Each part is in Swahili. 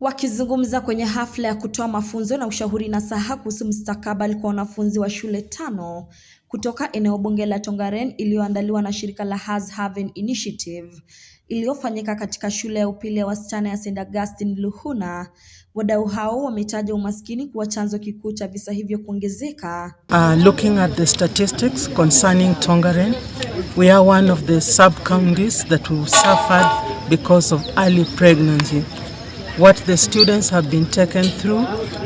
Wakizungumza kwenye hafla ya kutoa mafunzo na ushauri saha kuhusu mstakabali kwa wanafunzi wa shule tano kutoka eneo bunge la Tongaren iliyoandaliwa na shirika la Has Haven Initiative iliyofanyika katika shule ya upili ya wasichana ya St. Augustine Luhuna. Wadau hao wametaja umaskini kuwa chanzo kikuu cha visa hivyo kuongezeka. Uh, looking at the statistics concerning Tongaren, we are one of the sub-counties that we suffered because of early pregnancy. What the students have been taken through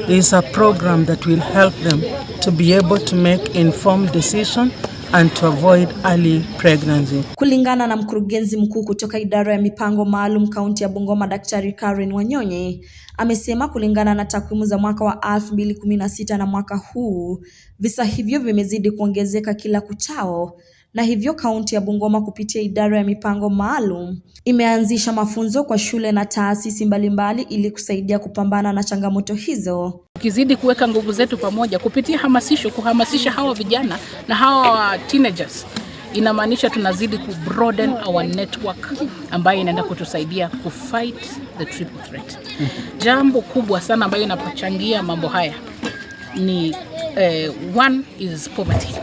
is a program that will help them to be able to make informed decision and to avoid early pregnancy. Kulingana na mkurugenzi mkuu kutoka idara ya mipango maalum kaunti ya Bungoma, Daktari Karen Wanyonyi amesema kulingana na takwimu za mwaka wa 2016 na mwaka huu visa hivyo vimezidi kuongezeka kila kuchao na hivyo kaunti ya Bungoma kupitia idara ya mipango maalum imeanzisha mafunzo kwa shule na taasisi mbalimbali ili kusaidia kupambana na changamoto hizo. Tukizidi kuweka nguvu zetu pamoja kupitia hamasisho, kuhamasisha hawa vijana na hawa teenagers inamaanisha tunazidi ku broaden our network ambayo inaenda kutusaidia ku fight the triple threat. Jambo kubwa sana ambayo inapochangia mambo haya ni eh, one is poverty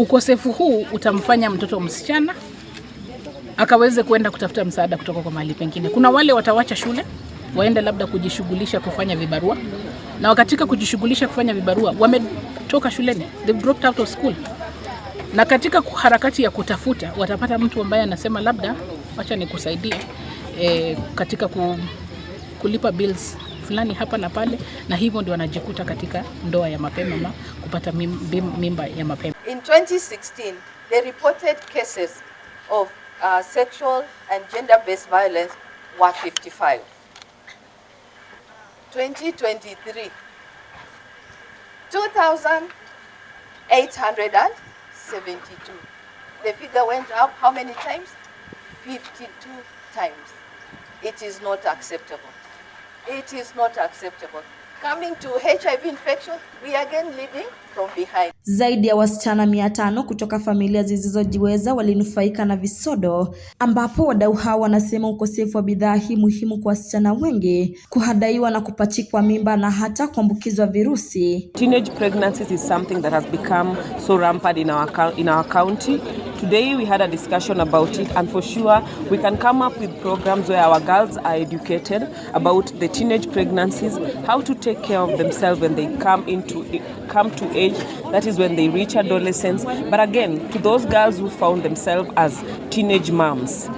Ukosefu huu utamfanya mtoto msichana akaweze kuenda kutafuta msaada kutoka kwa mahali pengine. Kuna wale watawacha shule waende labda kujishughulisha kufanya vibarua, na katika kujishughulisha kufanya vibarua wametoka shuleni, they dropped out of school, na katika harakati ya kutafuta watapata mtu ambaye anasema labda wacha nikusaidie eh, katika ku, kulipa bills fulani hapa na pale, na hivyo ndio wanajikuta katika ndoa ya mapema ama kupata mimba ya mapema. In 2016, they reported cases of uh, sexual and gender-based violence were 55. 2023, 2,872. The figure went up how many times? 52 times. It is not acceptable. It is not acceptable. Coming to HIV infection, we again leading from behind. Zaidi ya wasichana mia tano kutoka familia zisizojiweza walinufaika na visodo, ambapo wadau hao wanasema ukosefu wa bidhaa hii muhimu kwa wasichana wengi kuhadaiwa na kupachikwa mimba na hata kuambukizwa virusi. Teenage pregnancies is something that has become so rampant in our, in our county. Today we had a discussion about it, and for sure we can come up with programs where our girls are educated about the teenage pregnancies, how to take care of themselves when they come into come to age, that is when they reach adolescence. But again, to those girls who found themselves as teenage moms,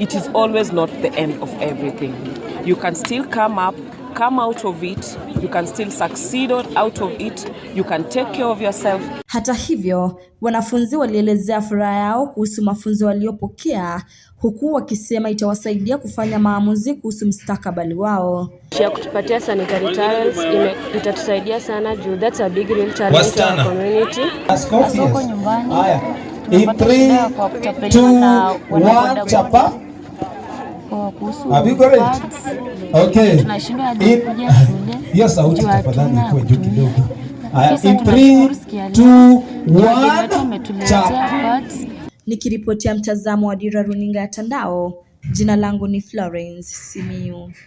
it is always not the end of everything. You can still come up come out of it, you can still succeed out of it, you can take care of yourself. Hata hivyo, wanafunzi walielezea furaha yao kuhusu mafunzo waliopokea huku wakisema itawasaidia kufanya maamuzi kuhusu mstakabali wao. Ya kutupatia sanitary towels itatusaidia sana juu that's a big real challenge to our community. Asoko nyumbani. Haya. 3 2 1 chapa. Okay. sauti tafadhali ikuwe juu kidogo. Nikiripotia mtazamo wa Dira Runinga ya Tandao, jina langu ni Florence simiu